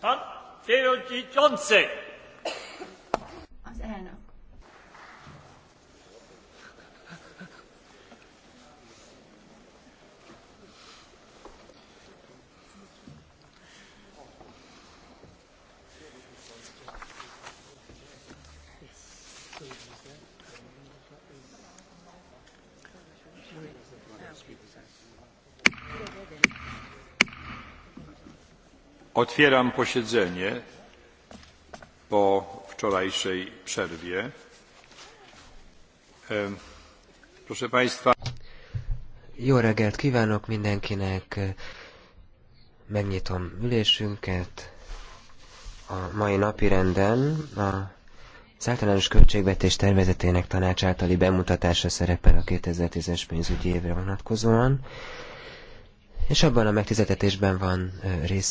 Pan przewodniczący! Az elnök. Thank you. otwieram posiedzenie po wczorajszej przerwie. proszę państwa jó reggelt kívánok mindenkinek megnyitom ülésünket a mai renden a az általános költségvetés tervezetének tanács általi bemutatása szerepel a 2010-es pénzügyi évre vonatkozóan, és abban a megtizetetésben van rész.